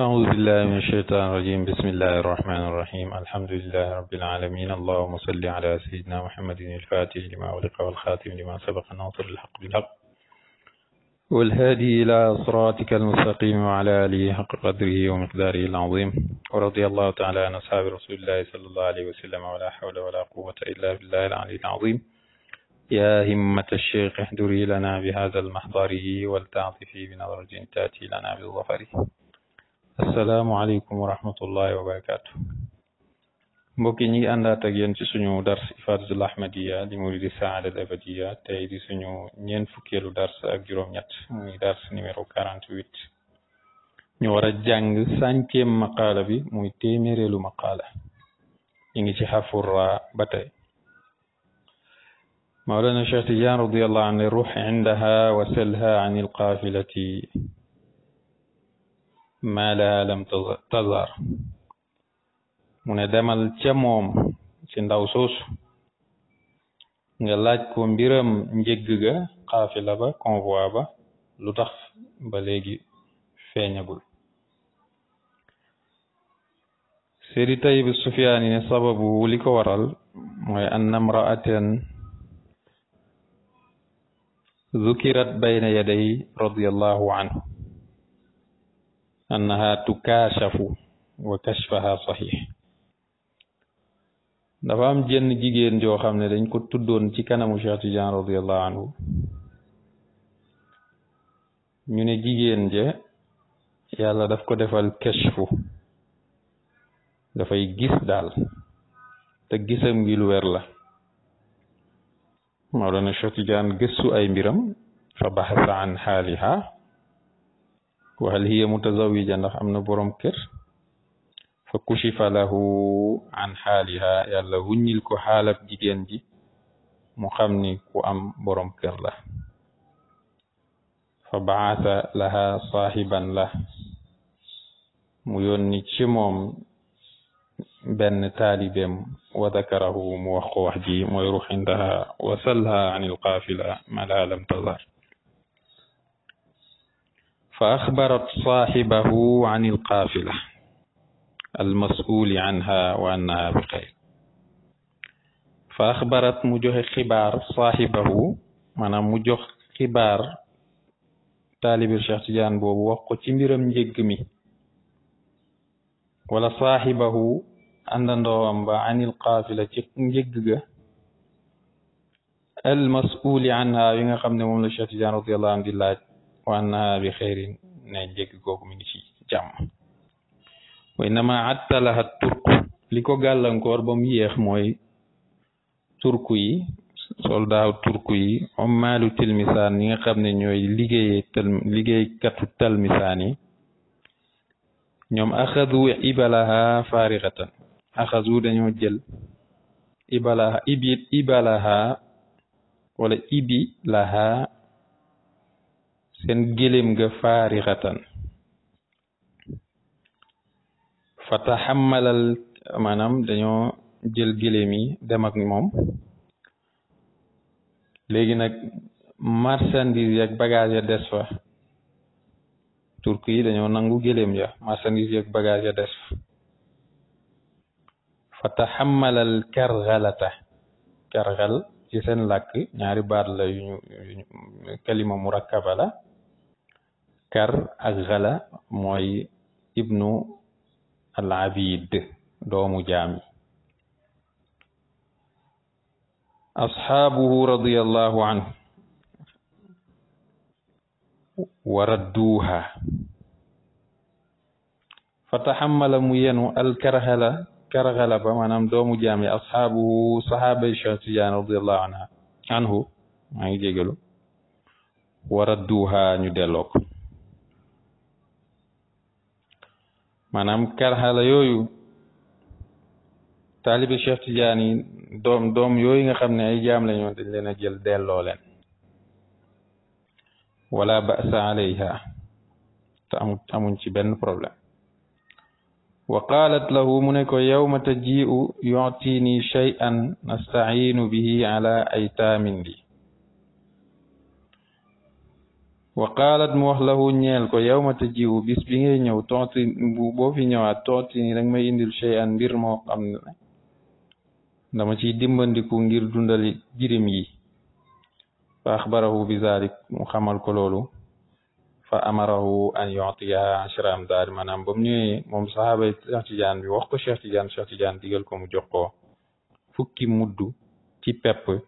أعوذ بالله من الشيطان الرجيم بسم الله الرحمن الرحيم الحمد لله رب العالمين اللهم صل على سيدنا محمد الفاتح لما أغلق والخاتم لما سبق ناصر الحق بالحق والهادي إلى صراطك المستقيم وعلى آله حق قدره ومقداره العظيم ورضي الله تعالى عن أصحاب رسول الله صلى الله عليه وسلم ولا حول ولا قوة إلا بالله العلي العظيم يا همة الشيخ احضري لنا بهذا المحضر ولتعطفي بنظرة تأتي لنا بالظفر asalaamualeykum wa rahmatullahi wa barakaatu mbokk yi ñu ngi àndaat ak yéen ci suñu dars ifadatul ahmadiya li muridi saadat tey di suñu ñeen fukkeelu dars ak juróom-ñett muy dars numéro quarante huit ñu war a jàng centième maqaala bi muy téeméereelu maqaala ñu ngi ci xafurra ba tey mawlana cheikh tidiane radiallahu anhu ruux indaha wa salha an alqafilati ما لها لم تظهر من دام الجموم سندوسوس نجلات كون بيرم نجيجيجا قافلة با كونفوا با لطخ بلغي فينيبول سيري طيب السفياني سبب وليك ورال أن امرأة ذكرت بين يدي رضي الله عنه annaha tukaachafu wa kashfaha sahih dafa am jenn jigéen joo xam ne dañ ko tuddoon ci kanamu Cheikh Tidiane radiallahu anhu ñu ne jigéen je yàlla daf ko defal kashfu dafay gis daal te gisam gi lu wér la Mawlana Cheikh Tidiane gëstu ay mbiram fa baxasa an xaaliha وهل هي متزوجة ندخ امنا بروم كير فكشف له عن حالها يلا غنيل كو حالك جيجين جي مخمني كو ام بروم كير له فبعث لها صاحبا له ميوني تشيموم بن طالبم وذكره موخو وحجي ميروح عندها وسلها عن القافلة ما لا لم تظهر فأخبرت صاحبه عن القافلة المسؤول عنها وأنها بخير فأخبرت مجه خبار صاحبه من مجه خبار طالب الشيخ جان بوب وقو تيميرم نيغمي ولا صاحبه عندن دوام عن القافلة نيغغا المسؤول عنها ويغا خامني موم لا رضي الله عنه wanna bi xeyrin ne jéggi googu mi ngi ci jàmm way nama attalaha turku li ko gàllankoor ba yéex mooy turku yi soldaaw turku yi ommaalu tilmisaan ñi nga xam ne ñooy liggéeyee tal liggéeykatu talmisaan yi ñoom axadu ibalaha faarixatan axadu dañoo jël ibalaha ibi wala ibi laha seen gëléem nga faarixatan fa taxamalal maanaam dañoo jël gëléem yi dem ak moom léegi nag marchandise yak bagage ya des fa turki yi dañoo nangu gëléem ya marchandise yak bagage ya des fa fa taxamalal karxalata karxal ci seen làkk ñaari baat la yu kalima murakkaba la kar ak xala mooy ibnu al abid doomu jaam ashabuhu asxaabuhu radiallahu anhu wa radduuha fa taxamala mu karaxalaba maanaam doomu jaam yi asxaabuhu saxaaba Cheikh Tidiane radiallahu anha anhu maa ngi jégalu waradduha ñu delloo ko maanaam karxala yooyu taalibi Cheikh Tidiane yi doom doom yooyu nga xam ne ay jaam lañu leen a jël delloo leen wala ba'sa alayha te amu ci benn problème وقالت له منك يوم تجيء يعطيني شيئا نستعين به على أيتام لي وقالت موه له نيل كو يوم تجيء بس بيغي نيو توتي بو في نيو توتي داك ما ينديل شيئا بير مو خام داما سي جير غير دوندالي جيريم يي فاخبره بذلك مو خمال فأمره أن يعطيها عشرة أمدار من أمبني موم صحابة شيخ تيجان بي وخ شيخ تيجان شيخ تيجان ديغال كو مو فكي مدو تي بيب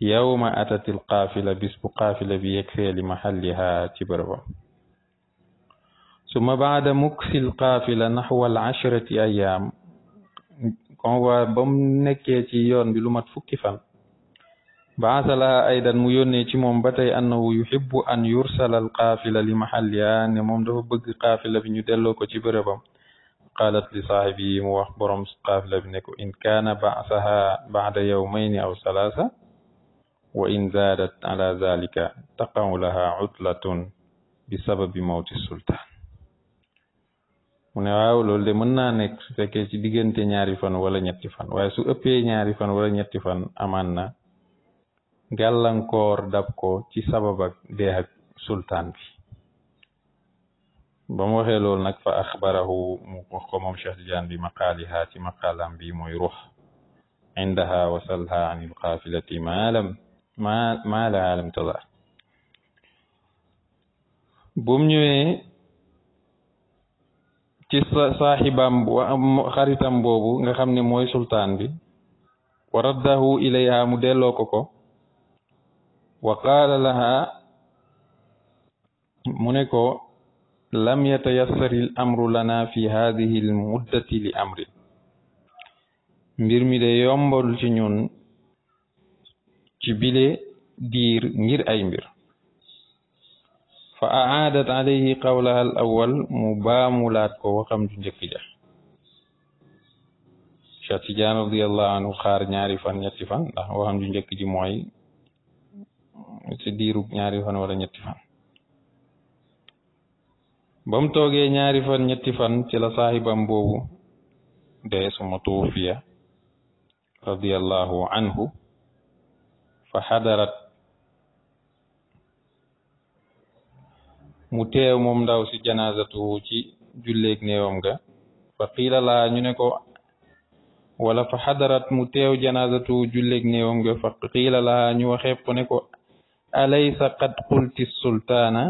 يوم أتت القافلة بسب قافلة بيكفي لمحلها تبربا ثم بعد مكس القافلة نحو العشرة أيام كون بمنكي بم تي يون بلومات فكي فان baasalaha aydan mu yónnee ci moom ba tey annahu yuhibbu an yursala alqaafila li mahalliha ne moom dafa bëgg qaafila bi ñu delloo ko ci bërëbam qaalat li saahibi mu wax borom qaafila bi ne ko in kaana baasaha baada yawmayni aw salaasa wa in zaadat ala zalika taqaw laha utlatun bi sababi mawti sultan mu ne waaw loolu de mën naa nekk su fekkee ci diggante ñaari fan wala ñetti fan waaye su ëppee ñaari fan wala ñetti fan amaan na gàllankoor dab ko ci sababa ak dee ak sultaan bi ba mu waxee nag fa axbarahu mu wax ko moom Cheikh Tidiane bi maqaaliha ci maqaalaam bi mooy ruux indaha wasalha an ilqafilati ma lam ma la lam tada bum ñëwee ci saaxibam xaritam boobu nga xam ni mooy sultaan bi wa raddahu ilayha mu delloo ko ko وقال لها منيكو لم يتيسر الامر لنا في هذه المده لامر ميرمي دي يومبول سي نون بيلي دير غير اي مير فاعادت عليه قولها الاول مباملات كو وخم جو نك جا شاتي جان رضي الله عنه خار نياري فان نياتي فان دا وخم جو نك جي موي ci diiru ñaari fan wala ñetti fan ba mu toogee ñaari fan ci la saahibam boobu dee suma tuufiya radiyallahu anhu fa xadarat mu teew moom ndaw si janaazatu ci julleeg néewam ga fa qiila laa ñu ne ko wala fa xadarat mu teew janaazatu julleeg néewam ga fa qiila laa ñu waxeef ko ne alaysa qad qulti sultaana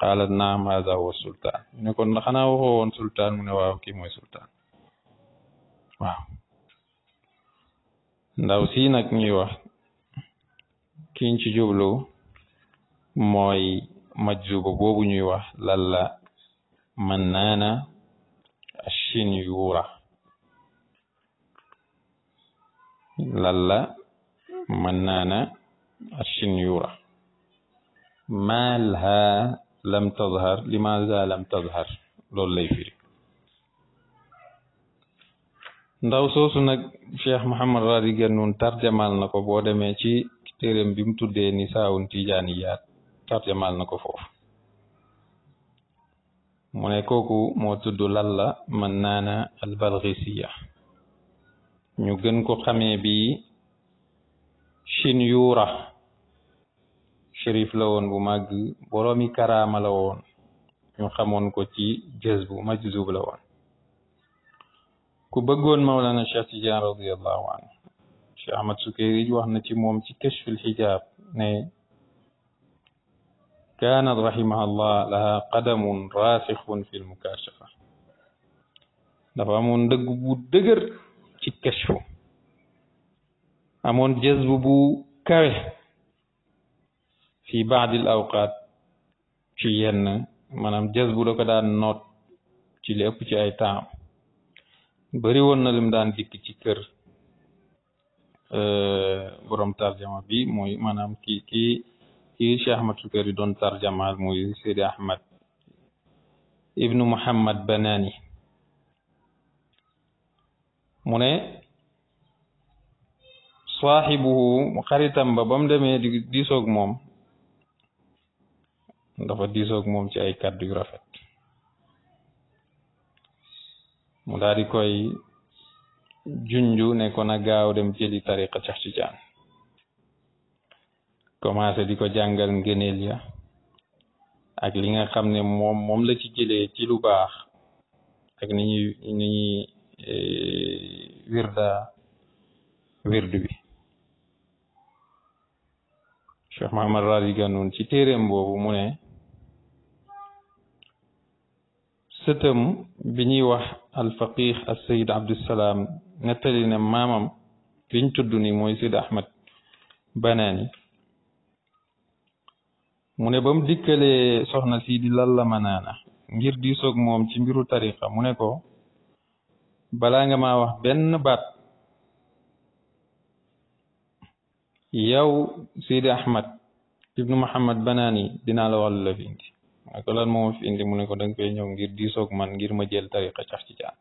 qaalat naam haza huwa sultaan mu ne kon xanaa waxoo woon sultaan mu ne waaw kii mooy sultaan waaw ndaw sii ñuy wax kiñ ci jublu mooy majzuba boobu ñuy wax lalla mannaana ashin yuura lalla mannaana الشنيورة ما لها لم تظهر لماذا لم تظهر loolu lay firi ndaw soosu nag Cheikh Mouhamad Raadi Gannuun tarjamal na ko boo demee ci téeréem bi mu tuddee ni saawun tijaaniyaat tarjamal na ko foofu mu ne kooku moo tudd Lalla Mannaana al-Balxiisiya ñu gën ko xamee bi Shinyuura شريف لون بو ماغ بورومي كرام لون يون خمون كو تي جزبو مجزوب لون كو بغون مولانا شيخ تيجان رضي الله عنه شيخ احمد سكيري واخنا تي موم تي كشف الحجاب ني كانت رحمها الله لها قدم راسخ في المكاشفه دا فامون دغ بو دغر تي كشف امون جزبو بو كاري fi baadil awqaat ci yenn maanaam jës bu daan noot ci li ci ay temps bari woon na lim daan dikk ci kër euh, borom tarjama bi mooy maanaam ki kii kii Cheikh kër Shukayri doon tarjamaal muy Seydi Ahmad ibnu Muhammad Banaani mu ne saaxibuhu xaritam ba bam mu di diisoog moom dafa diisoog moom ci ay kàddu yu rafet mu koy junju ne ko na gaaw dem jëli tariqa Cheikh Tidiane commencé di ko jàngal ngëneel ya ak li nga xam ne moom moom la ci jëlee ci lu baax ak ni ñuy ni ñuy e, wirda wirdu bi Cheikh Mahamad Radi Ganoun ci téeréem boobu mu ne sëtëm bi ñuy wax alfaqix al sayid abdusalaam nettali ne maamam biñ tudd ni mooy sid ahmad banaani mu ne ba mu dikkalee soxna sii di lalla manaana ngir di diisoog moom ci mbiru tariqa mu ne ko balaa nga ma wax benn baat yow sidi ahmad ibnu muhammad banaani dinaa la ma ko fi indi mu ne ko danga koy ñëw ngir diisoog man ngir ma jël tariqa cax ci caan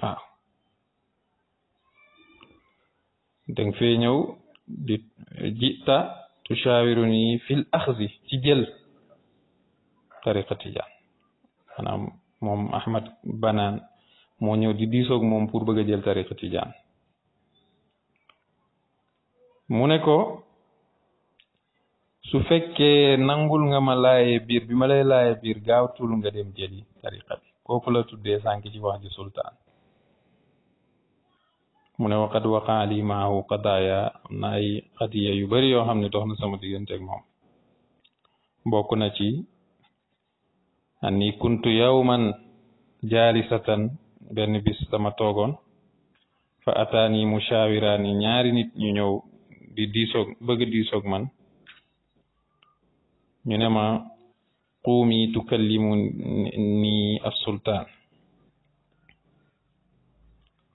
waaw danga fee ñëw di jita tushawiruni fil axzi ci jël tariqa tijaan maanaam moom Ahmad Banaan moo ñëw di diisoog moom pour bëgg a jël tariqa tijaan mu ko su fekkee nangul nga ma laaye biir bi ma lay laaye biir gaawtul nga dem jëli tariqa bi kooku la tuddee sànk ci wax ji sultaan mu ne waqad waqa li maahu qadaaya am na ay xadiya yu bari yoo xam ne dox na sama diggante ak moom bokk na ci ani kuntu yawman jaalisatan benn bis sama toogoon fa ataani mushawiraani ñaari nit ñu ñëw di diisoog bëgg diisoog man ñu ne ma quumi tukallimu nii assultaan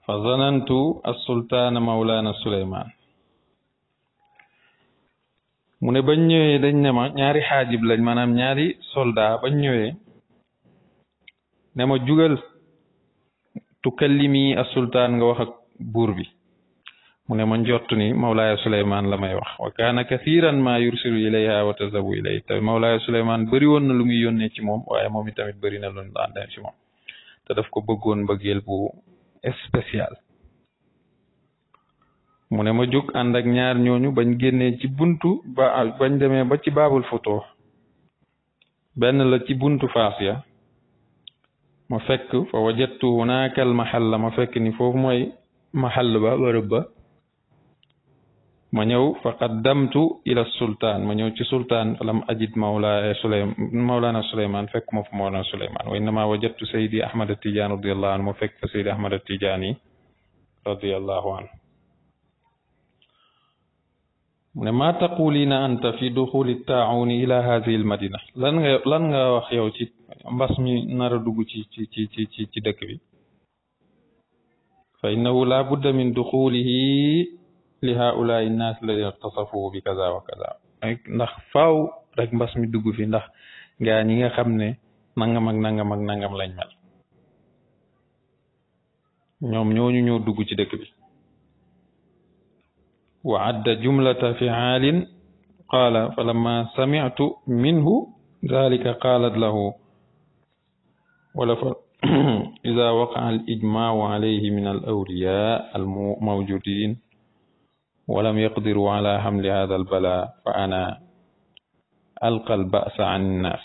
fa zanantu assultaana mawlaana suleymaan mu ne bañ ñëwee dañ ne ma ñaari xaajib lañ maanaam ñaari soldat bañ ñëwee ne ma jugal tukallimi assultaan nga wax ak buur bi mu ne ma njott ni mawlaaya suleymaan la may wax wa kaana kathiran ma yursilu ilayha wa tazabu ilay te mawlaaya suleymaan bëri woon na lu muy yónnee ci moom waaye moom itamit bëri na lu ñu daf ko bëggoon mbëggeel bu spécial mu ne ma jóg ànd ak ñaar ñooñu bañ génnee ci buntu ba bañ demee ba ci baabul foto benn la ci buntu faas ya ma fekk fa wajattu hunaaka al mahalla ma fekk ni foofu mooy mahall ba bërëb ba ma ñëw fa qaddamtu ila sultaan ma ñëw ci sultaan falam ajid mawlaa eh, suleyman mawlaana suleyman fekk ma fa mawlaana suleyman wa innama wajadtu saydi ahmad atijaan radiallahu anhu ma fekk fa saydi ahmad atijaani radiallahu anhu mu ne maa taqulina anta fi duxuli taauni ila hadihi almadina lan nga lan nga wax yow ci mbas mi nar a dugg ci ci ci ci ci ci dëkk bi fa innahu la budda min duxulihi لهؤلاء الناس الذين اتصفوا بكذا وكذا ناخ رك باس مي دغ في ناخ غا نيغا خامني نانغام اك نانغام اك نانغام لاج مال نيوم نيو ني نيو دغ سي دك بي وعد جملة فعال قال فلما سمعت منه ذلك قالت له ولفر إذا وقع الإجماع عليه من الأولياء الموجودين ولم يقدروا على حمل هذا البلاء فأنا ألقى البأس عن الناس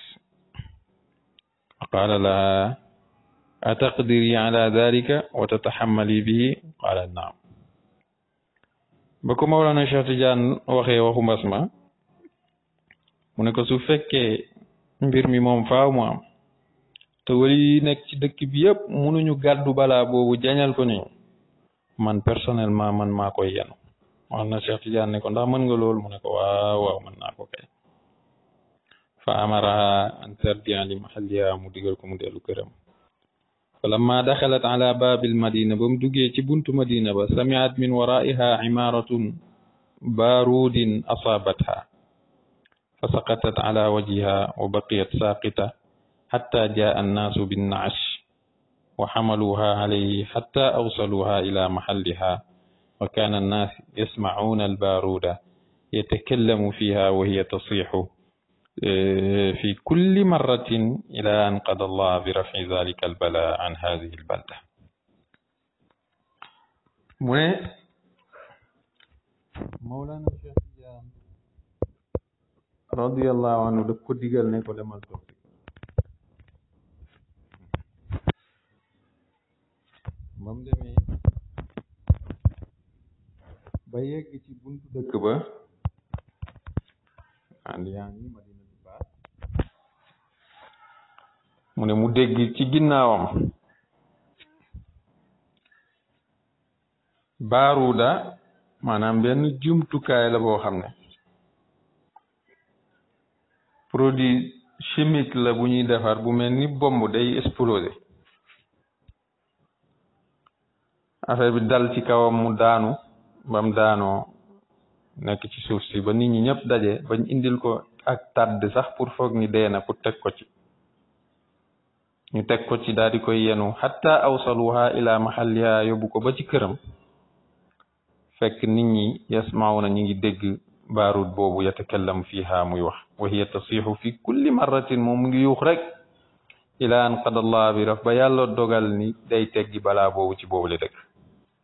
قال لها أتقدري على ذلك وتتحملي به قال نعم بكم أولا نشاط جان وخي وخم اسمه ونكسو فكي برمي موم فاوما تولي نك دك بيب منو نيو بلا بو جانيال كوني من بيرسونيل ما مان ماكو يانو وانا شيخ تجان نكون دامن قلول منك واو ومن ناكو كي فأمرها أن ترجع عن محلها مدقلكم كرم فلما دخلت على باب المدينة بمدقية بنت مدينة سمعت من ورائها عمارة بارود أصابتها فسقطت على وجهها وبقيت ساقطة حتى جاء الناس بالنعش وحملوها عليه حتى أوصلوها إلى محلها وكان الناس يسمعون البارودة يتكلم فيها وهي تصيح آه، في كل مرة إلى أن قضى الله برفع ذلك البلاء عن هذه البلدة مولانا الشيخ رضي الله عنه daf قال digal ne ko demal toog ba yegg ci buntu dëkk ba mu ne mu dégg ci ginnaawam baaruda maanaam benn jumtukaay la boo xam ne produit chimique la bu ñuy defar bu mel ni bomb day exploser affaire bi dal ci kawam mu daanu bam daanoo nekk ci suuf si ba nit ñi ñëpp daje bañ indil ko ak tàdd sax pour foog ni dee na pour teg ko ci ñu teg ko ci daal di koy yenu xatta awsaluha ila mahalliha yóbbu ko ba ci këram fekk nit ñi yasmaawna ñu ngi dégg baarut boobu yatakallamu fi muy wax wa hiya tasixu fi kulli marratin moom mu ngi yuux rek ila an qadallah bi raf ba yàlla dogal ni day teggi balaa boobu ci boobu le dëkk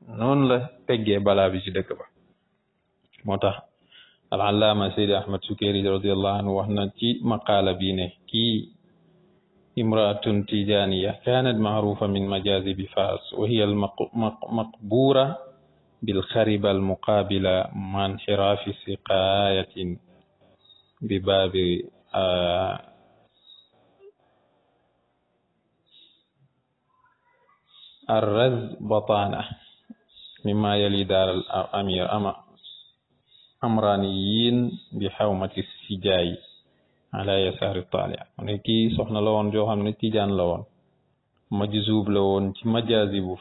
non la teggee bala bi ci dëkk ba motax al alalaama sayyid ahmad sukayrij radiyallahu anhu wax ci maqala bi ne ki imraatun tijaniya kanat ma'rufa min majazibi fas wa hiya al maqbura bil kharib al muqabila man hiraf siqayatin bi baabi الرز بطانه مما يلي دار الأمير أما أمرانيين بحومة السجاي على يسار الطالع ونكي سخنا لون جو خامني تيجان لون مجذوب لون ci majazi bu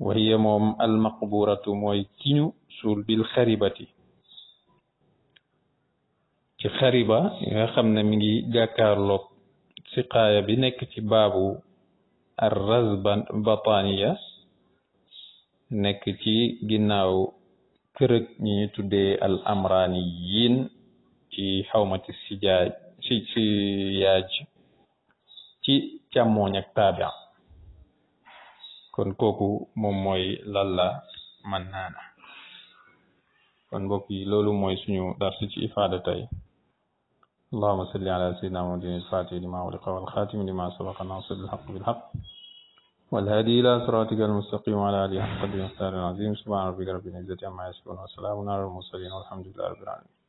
وهي موم المقبورة موي كينو سول بالخريبة ci خريبة nga xamne mi ngi jakarlo siqaya bi nek ci ar-Razbataniya nekk ci ginnaaw kërëg ñi ñu tuddee al amraniyin ci xawmati sijaaj ci siyaaj ci càmmooñ ak taabia kon kooku moom mooy lalla man kon mbokk yi loolu mooy suñu dars ci ifaada tey اللهم صل على سيدنا محمد الفاتح لما أغلق والخاتم لما سبق الناصر الحق بالحق والهادي إلى صراطك المستقيم وعلى آله حق قدر العظيم سبحان ربك رب العزة عما يصفون وسلام على المرسلين والحمد لله رب العالمين